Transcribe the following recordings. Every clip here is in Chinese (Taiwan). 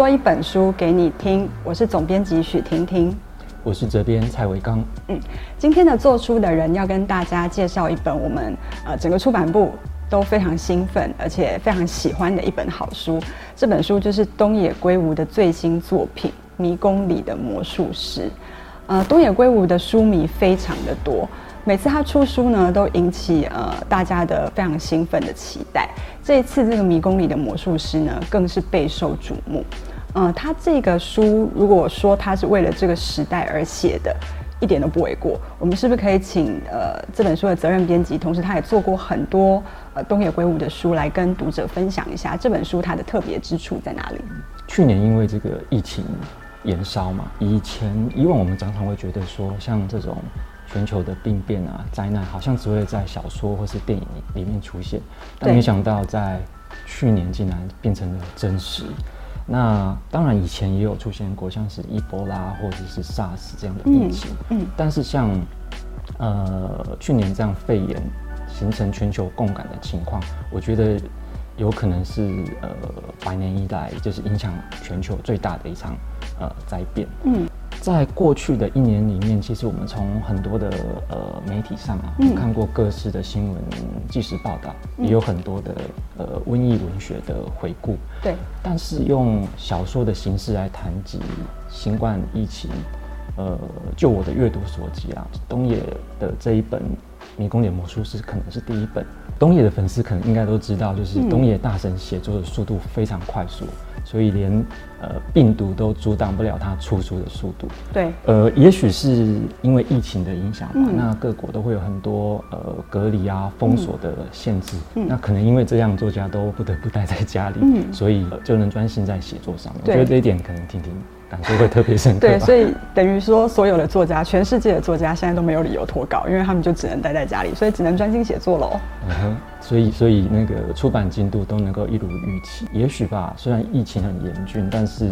說一本書給你聽，我是總編輯許婷婷，我是責編蔡維剛。嗯，今天的做書的人要跟大家介紹一本我們呃整個出版部都非常興奮而且非常喜歡的一本好書。這本書就是東野圭吾的最新作品《迷宮裡的魔術師》。呃，東野圭吾的書迷非常的多。每次他出書呢，都引起呃大家的非常興奮的期待。這一次這個迷宮裡的魔術師呢，更是備受矚目。呃，他這個書如果說他是為了這個時代而寫的，一點都不為過。我們是不是可以請呃這本書的責任編輯，同時他也做過很多呃東野圭吾的書，來跟讀者分享一下這本書它的特別之處在哪裡？去年因為這個疫情延燒嘛，以前以往我們常常會覺得說像這種。全球的病變啊，災難好像只會在小說或是電影裡面出現，對但沒想到在去年竟然變成了真實。那當然以前也有出現過，像是伊波拉或者是 SARS 這樣的疫情，嗯，嗯，但是像呃去年這樣肺炎形成全球共感的情況，我覺得有可能是呃百年以來就是影響全球最大的一場呃災變，嗯。在過去的一年裡面，其實我們從很多的呃媒體上啊，嗯、看過各式的新聞即時報道，嗯、也有很多的呃瘟疫文學的回顧。對，但是用小說的形式來談及新冠疫情，呃，就我的閱讀所及啊，東野的這一本《迷宮裡的魔術師》可能是第一本。東野的粉絲可能應該都知道，就是東野大神寫作的速度非常快速。嗯嗯所以連呃病毒都阻擋不了它出書的速度。對，呃，也許是因為疫情的影響吧，嗯、那各國都會有很多呃隔離啊、封鎖的限制，嗯、那可能因為這樣，作家都不得不待在家裡，嗯、所以就能專心在寫作上。對我覺得這一點可能聽聽。感覺會特別深刻。對，所以等於說，所有的作家，全世界的作家，現在都沒有理由拖稿，因為他們就只能待在家裡，所以只能專心寫作嘍、嗯。所以，所以那個出版進度都能夠一如預期。也許吧，雖然疫情很嚴峻，但是。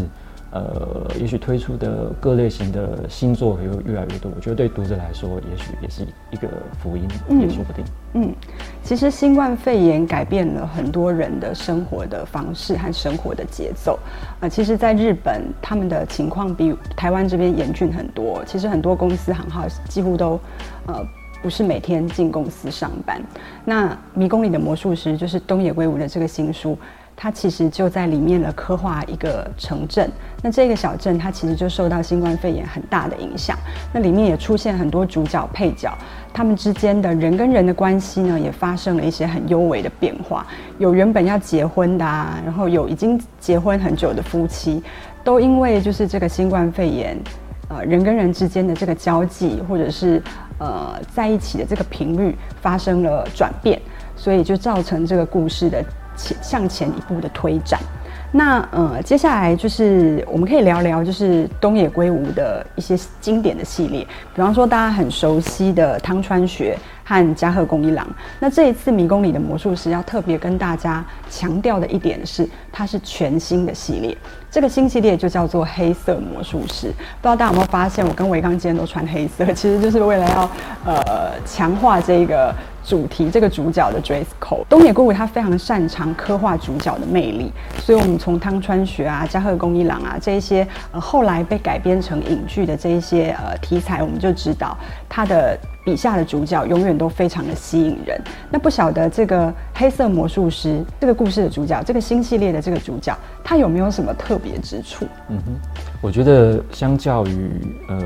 呃，也許推出的各類型的星座也會越來越多，我覺得對讀者來說，也許也是一個福音，嗯、也說不定。嗯，其實新冠肺炎改變了很多人的生活的方式和生活的節奏。呃，其實，在日本，他們的情況比台灣這邊嚴峻很多。其實，很多公司行號幾乎都呃不是每天進公司上班。那《迷宮裡的魔術師》就是東野圭吾的這個新書。它其實就在裡面的刻畫一個城鎮，那這個小鎮它其實就受到新冠肺炎很大的影響。那裡面也出現很多主角配角，他們之間的人跟人的關係呢，也發生了一些很幽微的變化。有原本要結婚的啊，然後有已經結婚很久的夫妻，都因為就是這個新冠肺炎，呃，人跟人之間的這個交際或者是呃在一起的這個頻率發生了轉變，所以就造成這個故事的。前向前一步的推展，那呃，接下來就是我們可以聊聊，就是東野圭吾的一些經典的系列，比方說大家很熟悉的湯川學和加賀恭一郎。那這一次迷宮裡的魔術師，要特別跟大家強調的一點是，它是全新的系列。這個新系列就叫做黑色魔術師。不知道大家有沒有發現，我跟維剛今天都穿黑色，其實就是為了要呃強化這個。主題，這個主角的 dress code。東野圭吾他非常擅長刻畫主角的魅力，所以我們從湯川學啊、加賀恭一郎啊這一些、呃、後來被改編成影劇的這一些呃題材，我們就知道他的。筆下的主角永遠都非常的吸引人。那不曉得這個黑色魔術師這個故事的主角，這個新系列的這個主角，他有沒有什麼特別之處？嗯哼，我覺得相較於呃，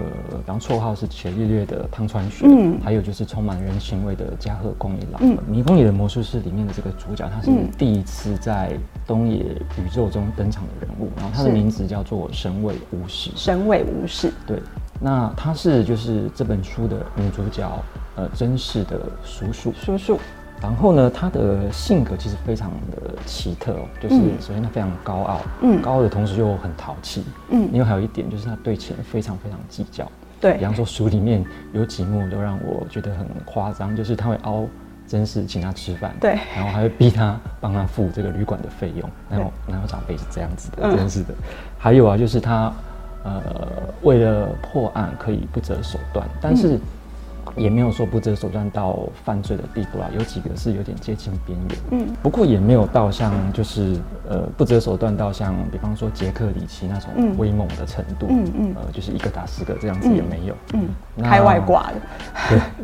然後綽號是“伽利略”的湯川學，嗯，還有就是充滿人情味的加賀恭一郎，嗯，《迷宮裡的魔術師》裡面的這個主角，他是第一次在東野宇宙中登場的人物，嗯、然後他的名字叫做神尾武士。是神尾武士對。那他是就是這本書的女主角，呃，真氏的叔叔。叔叔。然後呢，他的性格其實非常的奇特哦，就是首先他非常高傲，嗯，高傲的同時又很淘氣，嗯，因為還有一點就是他對錢非常非常計較，對、嗯，比方說書裡面有幾幕都讓我覺得很誇張，就是他會凹真是，請他吃飯，對，然後還會逼他幫他付這個旅館的費用，然後然後長輩對是這樣子的，嗯、真是的。還有啊，就是他。呃，為了破案可以不擇手段，但是。嗯也沒有說不擇手段到犯罪的地步啦，啊，有幾個是有點接近邊緣，嗯，不過也沒有到像就是呃不擇手段到像比方說傑克里奇那種威猛的程度，嗯嗯，嗯嗯呃就是一個打四個這樣子也沒有，嗯，嗯那開外掛的，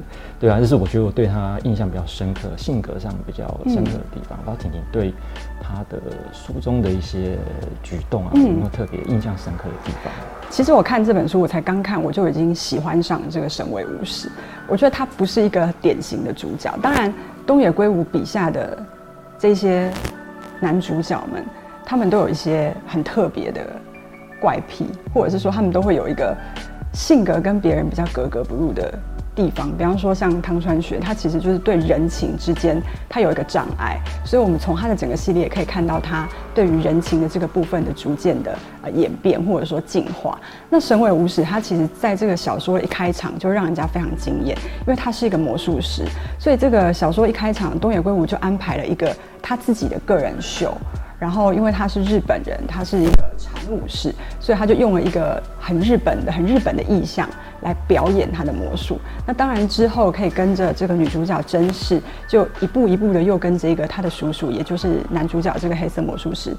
對，啊，這，就是我覺得我對他印象比較深刻，性格上比較深刻的地方。那婷婷對他的書中的一些舉動啊，有沒有特別印象深刻的地方？嗯嗯，其實我看這本書，我才剛看，我就已經喜歡上這個神威武士。我覺得他不是一個典型的主角。當然，東野圭吾筆下的這些男主角們，他們都有一些很特別的怪癖，或者是說他們都會有一個性格跟別人比較格格不入的地方，比方說像湯川學，他其實就是對人情之間，他有一個障礙，所以我們從他的整個系列也可以看到他對於人情的這個部分的逐漸的呃演變或者說進化。那神尾武史，他其實在這個小說一開場就讓人家非常驚艷，因為他是一個魔術師，所以這個小說一開場，東野圭吾就安排了一個他自己的個人秀。然後，因為他是日本人，他是一個常武士，所以他就用了一個很日本的、很日本的意象來表演他的魔術。那當然之後可以跟着這個女主角真世，就一步一步的又跟着一個他的叔叔，也就是男主角這個黑色魔術師，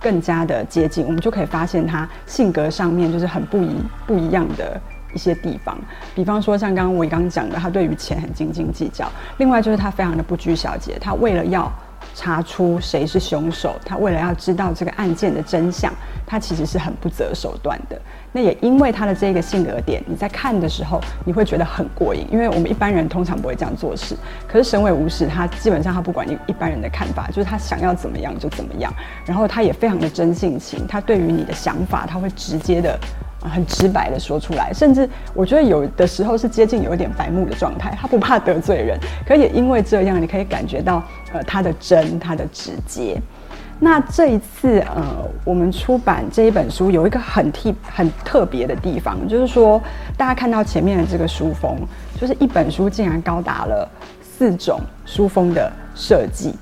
更加的接近。我們就可以發現他性格上面就是很不一不一樣的一些地方。比方說，像剛剛我剛講的，他對於錢很斤斤計較；另外就是他非常的不拘小節。他為了要查出誰是兇手，他為了要知道這個案件的真相，他其實是很不擇手段的。那也因為他的這個性格點，你在看的時候，你會覺得很過癮，因為我們一般人通常不會這樣做事。可是神尾武史他，基本上他不管你一般人的看法，就是他想要怎麼樣就怎麼樣。然後他也非常的真性情，他對於你的想法，他會直接的。很直白的說出來，甚至我覺得有的時候是接近有一點白目的狀態。他不怕得罪人，可也因為這樣，你可以感覺到呃他的真，他的直接。那這一次呃，我們出版這一本書有一個很特很特別的地方，就是說大家看到前面的這個書封，就是一本書竟然高達了四種書封的設計。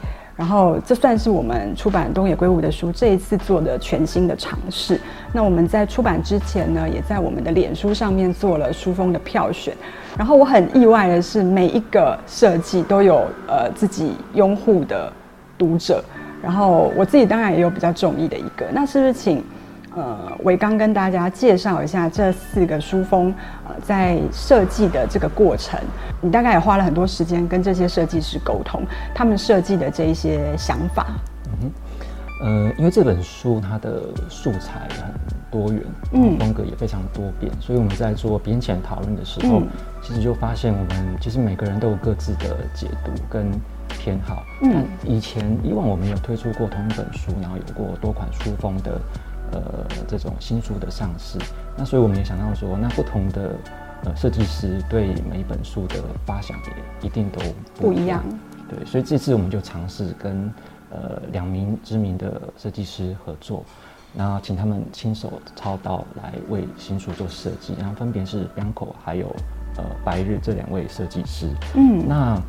然後，這算是我們出版東野圭吾的書這一次做的全新的嘗試。那我們在出版之前呢，也在我們的臉書上面做了書封的票選。然後我很意外的是，每一個設計都有呃自己擁護的讀者。然後我自己當然也有比較中意的一個。那是不是請？呃，我剛跟大家介紹一下這四個書封，呃，在設計的這個過程，你大概也花了很多時間跟這些設計師溝通，他們設計的這一些想法。嗯，呃，因為這本書它的素材很多元，嗯，風格也非常多變，所以我們在做編前討論的時候，嗯，其實就發現我們其實每個人都有各自的解讀跟偏好。嗯，以前以往我們有推出過同一本書，然後有過多款書封的。呃，這種新書的上市，那所以我們也想到說，那不同的呃設計師對每一本書的發想也一定都不一樣。一樣對，所以這次我們就嘗試跟呃兩名知名的設計師合作，然後請他們親手操刀來為新書做設計，然後分別是 Bianco 還有呃白日這兩位設計師。嗯，那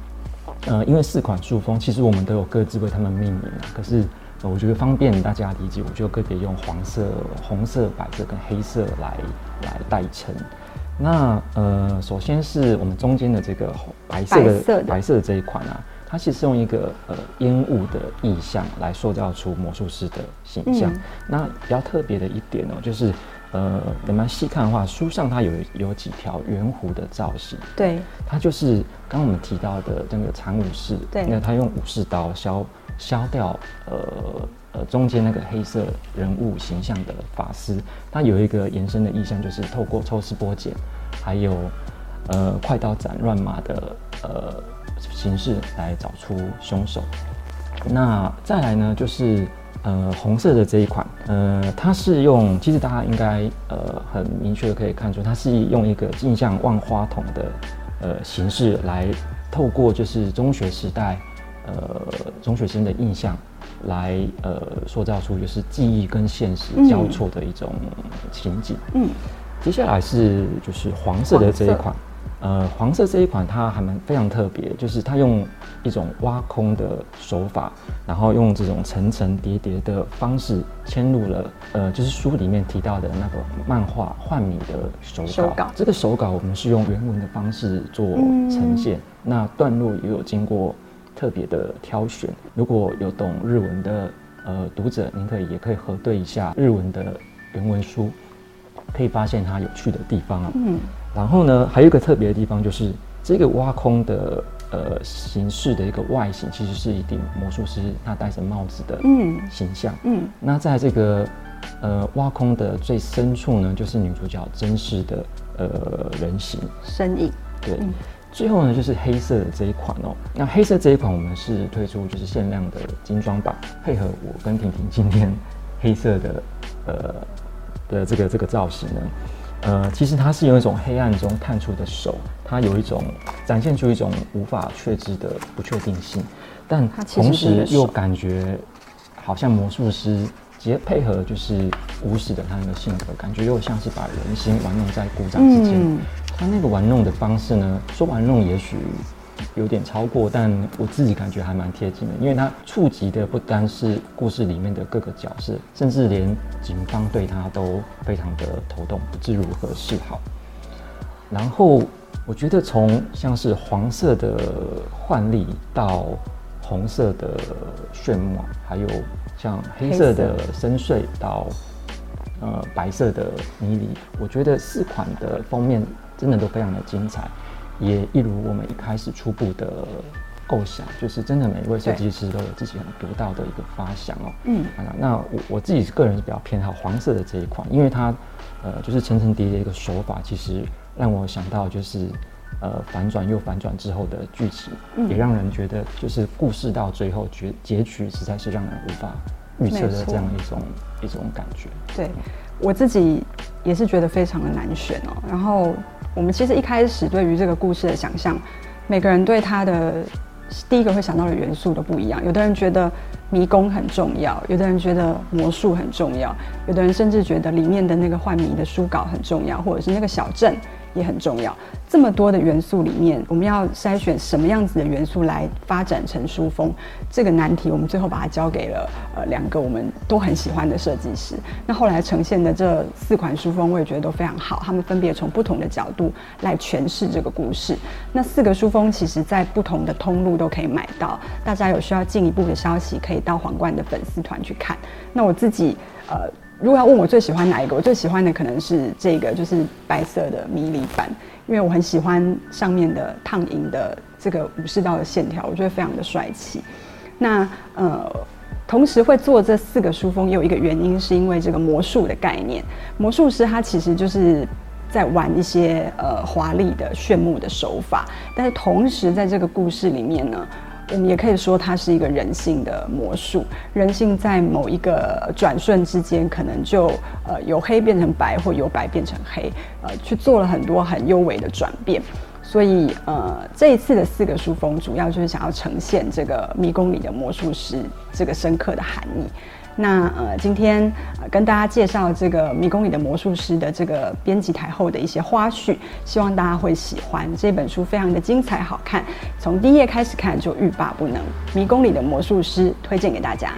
呃因為四款書封其實我們都有各自為他們命名可是。我覺得方便大家理解，我就個別用黃色、紅色、白色跟黑色來來代稱。那呃，首先是我們中間的這個白色的白色的，白色的這一款啊，它其實是用一個呃煙霧的意象來塑造出魔術師的形象。嗯、那比較特別的一點哦、喔，就是呃，你們細看的話，書上它有有幾條圓弧的造型。對，它就是剛剛我們提到的那個長武士。對，那它用武士刀削。消掉呃呃中間那個黑色人物形象的髮絲，它有一個延伸的意象，就是透過抽絲剝繭，還有呃快刀斬亂麻的呃形式來找出兇手。那再來呢，就是呃紅色的這一款，呃它是用，其實大家應該呃很明確的可以看出，它是用一個鏡像萬花筒的呃形式來透過就是中學時代。呃，中學生的印象來呃塑造出，就是記憶跟現實交錯的一種情景嗯。嗯，接下來是就是黃色的這一款，黃色。呃，黃色這一款它還蠻非常特別，就是它用一種挖空的手法，然後用這種層層疊疊的方式嵌入了呃，就是書裡面提到的那個漫畫幻米的手稿。手稿這個手稿我們是用原文的方式做呈現，嗯、那段落也有經過。特別的挑選，如果有懂日文的呃讀者，您可以也可以核對一下日文的原文書，可以發現它有趣的地方。嗯，然後呢，還有一個特別的地方，就是這個挖空的呃形式的一個外形，其實是一頂魔術師他戴着帽子的嗯形象。嗯，嗯那在這個呃挖空的最深處呢，就是女主角真實的呃人形身影。意對。嗯最後呢，就是黑色的這一款哦、喔。那黑色這一款，我們是推出就是限量的精裝版，配合我跟婷婷今天黑色的，呃的這個這個造型呢，呃，其實它是有一種黑暗中探出的手，它有一種展現出一種無法確知的不確定性，但同時又感覺好像魔術師，直接配合就是古史的他那個性格，感覺又像是把人心玩弄在鼓掌之間。嗯他那個玩弄的方式呢？說玩弄也許有點超過，但我自己感覺還蠻貼近的，因為他觸及的不單是故事裡面的各個角色，甚至連警方對他都非常的頭痛，不知如何是好。然後我覺得從像是黃色的幻迷到紅色的炫目，還有像黑色的深邃到呃白色的迷離，我覺得四款的封面。真的都非常的精彩，也一如我們一開始初步的構想，就是真的每一位設計師都有自己很獨到的一個發想哦。嗯，那我我自己個人是比較偏好黃色的這一款，因為它，呃就是層層疊疊一個手法，其實讓我想到就是呃反轉又反轉之後的劇情，嗯、也讓人覺得就是故事到最後結結局實在是讓人無法預測的這樣一種沒錯，一種感覺。對。對我自己也是覺得非常的難選哦。然後我們其實一開始對於這個故事的想象每個人對它的第一個會想到的元素都不一樣。有的人覺得迷宮很重要，有的人覺得魔術很重要，有的人甚至覺得裡面的那個幻迷的書稿很重要，或者是那個小鎮。也很重要。這麼多的元素裡面，我們要篩選什麼樣子的元素來發展成書封？這個難題，我們最後把它交給了呃兩個我們都很喜歡的設計師。那後來呈現的這四款書封，我也覺得都非常好。他們分別從不同的角度來詮釋這個故事。那四個書封其實在不同的通路都可以買到。大家有需要進一步的消息，可以到皇冠的粉絲團去看。那我自己呃。如果要問我最喜歡哪一個？我最喜歡的可能是這個，就是白色的迷離版，因為我很喜歡上面的燙銀的這個武士道的線條，我覺得非常的帥氣。那呃，同時會做這四個書封，也有一個原因，是因為這個魔術的概念，魔術師他其實就是在玩一些呃華麗的炫目的手法，但是同時在這個故事裡面呢。也可以說，它是一個人性的魔術。人性在某一個轉瞬之間，可能就呃由黑變成白，或由白變成黑，呃，去做了很多很優美的轉變。所以，呃，這一次的四個書封，主要就是想要呈現這個迷宮裡的魔術師這個深刻的含義。那呃，今天呃，跟大家介紹這個《迷宮裡的魔術師》的這個編輯台後的一些花絮，希望大家會喜歡這本書，非常的精彩好看，從第一頁開始看就欲罷不能，《迷宮裡的魔術師》推薦給大家。